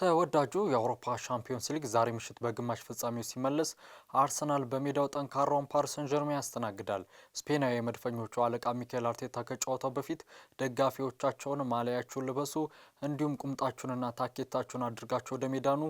ተወዳጁ የአውሮፓ ሻምፒዮንስ ሊግ ዛሬ ምሽት በግማሽ ፍጻሜው ሲመለስ አርሰናል በሜዳው ጠንካራውን ፓሪሰን ጀርሜን ያስተናግዳል። ስፔናዊ የመድፈኞቹ አለቃ ሚካኤል አርቴታ ከጨዋታው በፊት ደጋፊዎቻቸውን ማሊያችሁን ልበሱ፣ እንዲሁም ቁምጣችሁንና ታኬታችሁን አድርጋችሁ ወደ ሜዳኑ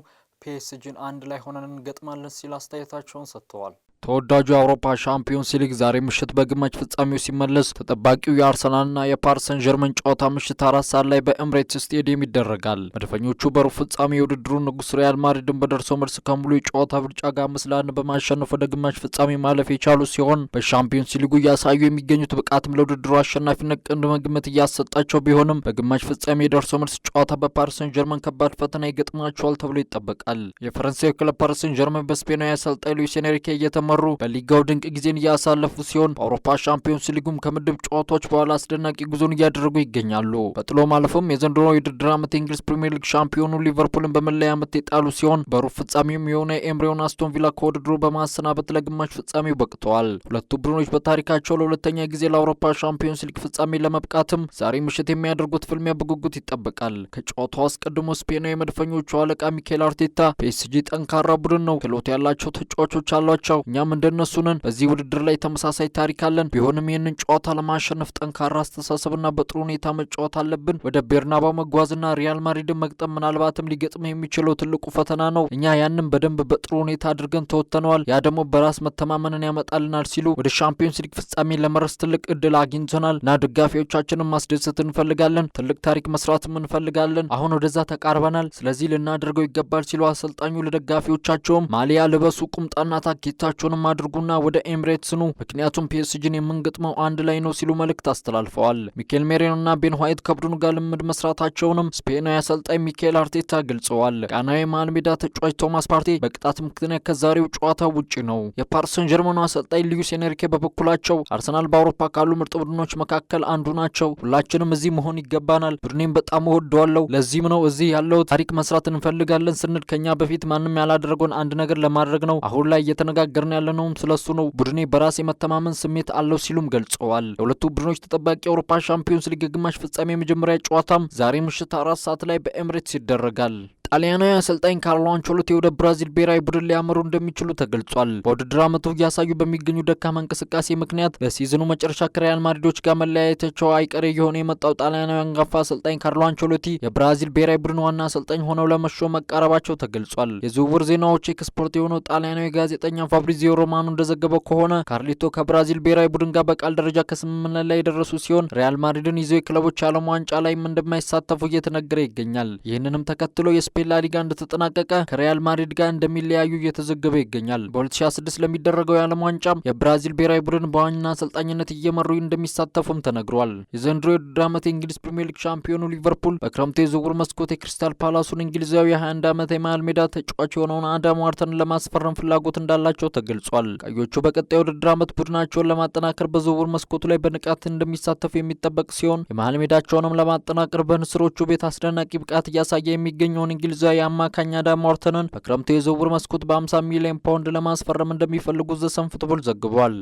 ፒኤስጂን አንድ ላይ ሆነን እንገጥማለን ሲል አስተያየታቸውን ሰጥተዋል። ተወዳጁ የአውሮፓ ሻምፒዮንስ ሊግ ዛሬ ምሽት በግማሽ ፍጻሜው ሲመለስ ተጠባቂው የአርሰናልና የፓርሰን ጀርመን ጨዋታ ምሽት አራት ሰዓት ላይ በኤምሬትስ ስቴዲየም ይደረጋል። መድፈኞቹ በሩብ ፍጻሜ የውድድሩ ንጉስ ሪያል ማድሪድን በደርሶ መልስ ከሙሉ የጨዋታ ብልጫ ጋር አምስት ለአንድ በማሸነፍ ወደ ግማሽ ፍጻሜ ማለፍ የቻሉ ሲሆን በሻምፒዮንስ ሊጉ እያሳዩ የሚገኙት ብቃትም ለውድድሩ አሸናፊነት ቅድመ ግምት እያሰጣቸው ቢሆንም በግማሽ ፍጻሜ የደርሶ መልስ ጨዋታ በፓርሰን ጀርመን ከባድ ፈተና ይገጥማቸዋል ተብሎ ይጠበቃል። የፈረንሳይ ክለብ ፓርሰን ጀርመን በስፔናዊ አሰልጣኝ ሉዊስ ኤንሪኬ እየተመ እየመሩ በሊጋው ድንቅ ጊዜን እያሳለፉ ሲሆን በአውሮፓ ሻምፒዮንስ ሊጉም ከምድብ ጨዋታዎች በኋላ አስደናቂ ጉዞን እያደረጉ ይገኛሉ። በጥሎ ማለፍም የዘንድሮ የውድድር ዓመት የእንግሊዝ ፕሪምየር ሊግ ሻምፒዮኑ ሊቨርፑልን በመለያ ምት የጣሉ ሲሆን በሩብ ፍጻሜውም የሆነ ኤምሪዮን አስቶን ቪላ ከውድድሩ በማሰናበት ለግማሽ ፍጻሜው በቅተዋል። ሁለቱ ቡድኖች በታሪካቸው ለሁለተኛ ጊዜ ለአውሮፓ ሻምፒዮንስ ሊግ ፍጻሜ ለመብቃትም ዛሬ ምሽት የሚያደርጉት ፍልሚያ በጉጉት ይጠበቃል። ከጨዋታው አስቀድሞ ስፔናዊ የመድፈኞቹ አለቃ ሚካኤል አርቴታ ፒኤስጂ ጠንካራ ቡድን ነው፣ ክህሎት ያላቸው ተጫዋቾች አሏቸው፣ እኛ እኛም እንደነሱንን በዚህ ውድድር ላይ ተመሳሳይ ታሪክ አለን። ቢሆንም ይህንን ጨዋታ ለማሸነፍ ጠንካራ አስተሳሰብና በጥሩ ሁኔታ መጫወት አለብን። ወደ ቤርናባ መጓዝና ሪያል ማድሪድን መግጠም ምናልባትም ሊገጥም የሚችለው ትልቁ ፈተና ነው። እኛ ያንን በደንብ በጥሩ ሁኔታ አድርገን ተወጥተነዋል። ያ ደግሞ በራስ መተማመንን ያመጣልናል ሲሉ ወደ ሻምፒዮንስ ሊግ ፍጻሜ ለመረስ ትልቅ እድል አግኝተናል እና ደጋፊዎቻችንን ማስደሰት እንፈልጋለን። ትልቅ ታሪክ መስራትም እንፈልጋለን። አሁን ወደዛ ተቃርበናል። ስለዚህ ልናደርገው ይገባል ሲሉ አሰልጣኙ ለደጋፊዎቻቸውም ማሊያ ልበሱ፣ ቁምጣና ታኬታቸው ምርጫችሁንም አድርጉና ወደ ኤምሬትስ ኑ፣ ምክንያቱም ፒኤስጂን የምንገጥመው አንድ ላይ ነው ሲሉ መልእክት አስተላልፈዋል። ሚኬል ሜሬኖና ቤን ዋይት ከቡድኑ ጋር ልምድ መስራታቸውንም ስፔናዊ አሰልጣኝ ሚካኤል አርቴታ ገልጸዋል። ጋናዊ መሃል ሜዳ ተጫዋች ቶማስ ፓርቴ በቅጣት ምክንያት ከዛሬው ጨዋታ ውጪ ነው። የፓርሰን ጀርመኑ አሰልጣኝ ሉዊስ ኤንሪኬ በበኩላቸው አርሰናል በአውሮፓ ካሉ ምርጥ ቡድኖች መካከል አንዱ ናቸው። ሁላችንም እዚህ መሆን ይገባናል። ቡድኔም በጣም እወደዋለሁ። ለዚህም ነው እዚህ ያለው ታሪክ መስራት እንፈልጋለን ስንል ከኛ በፊት ማንም ያላደረገውን አንድ ነገር ለማድረግ ነው። አሁን ላይ እየተነጋገርን ያለነውም ስለሱ ነው። ቡድኔ በራስ የመተማመን ስሜት አለው ሲሉም ገልጸዋል። የሁለቱ ቡድኖች ተጠባቂ የአውሮፓ ሻምፒዮንስ ሊግ ግማሽ ፍጻሜ የመጀመሪያ ጨዋታም ዛሬ ምሽት አራት ሰዓት ላይ በኤምሬትስ ይደረጋል። ጣሊያናዊ አሰልጣኝ ካርሎ አንቸሎቲ ወደ ብራዚል ብሔራዊ ቡድን ሊያመሩ እንደሚችሉ ተገልጿል። በውድድር አመቱ እያሳዩ በሚገኙ ደካማ እንቅስቃሴ ምክንያት በሲዝኑ መጨረሻ ከሪያል ማድሪዶች ጋር መለያየታቸው አይቀሬ እየሆነ የመጣው ጣሊያናዊ አንጋፋ አሰልጣኝ ካርሎ አንቸሎቲ የብራዚል ብሔራዊ ቡድን ዋና አሰልጣኝ ሆነው ለመሾ መቃረባቸው ተገልጿል። የዝውውር ዜናዎች ኤክስፖርት የሆነው ጣሊያናዊ ጋዜጠኛ ፋብሪዚዮ ሮማኑ እንደዘገበው ከሆነ ካርሊቶ ከብራዚል ብሔራዊ ቡድን ጋር በቃል ደረጃ ከስምምነት ላይ የደረሱ ሲሆን ሪያል ማድሪድን ይዘው የክለቦች ዓለም ዋንጫ ላይም እንደማይሳተፉ እየተነገረ ይገኛል። ይህንንም ተከትሎ የስፔን ላሊጋ እንደተጠናቀቀ ከሪያል ማድሪድ ጋር እንደሚለያዩ እየተዘገበ ይገኛል። በ2026 ለሚደረገው የዓለም ዋንጫም የብራዚል ብሔራዊ ቡድን በዋና አሰልጣኝነት እየመሩ እንደሚሳተፉም ተነግሯል። የዘንድሮ የውድድር ዓመት የእንግሊዝ ፕሪምየር ሊግ ሻምፒዮኑ ሊቨርፑል በክረምቱ የዝውውር መስኮት የክሪስታል ፓላሱን እንግሊዛዊ የ21 ዓመት የመሃል ሜዳ ተጫዋች የሆነውን አዳም ዋርተንን ለማስፈረም ፍላጎት እንዳላቸው ተገልጿል። ቀዮቹ በቀጣይ የውድድር ዓመት ቡድናቸውን ለማጠናከር በዝውውር መስኮቱ ላይ በንቃት እንደሚሳተፉ የሚጠበቅ ሲሆን የመሃል ሜዳቸውንም ለማጠናከር በንስሮቹ ቤት አስደናቂ ብቃት እያሳየ የሚገኘውን እንግሊዛዊ አማካኝ አዳም ሞርተንን በክረምቱ የዝውውር መስኮት በ50 ሚሊዮን ፓውንድ ለማስፈረም እንደሚፈልጉ ዘ ፉትቦል ዘግቧል።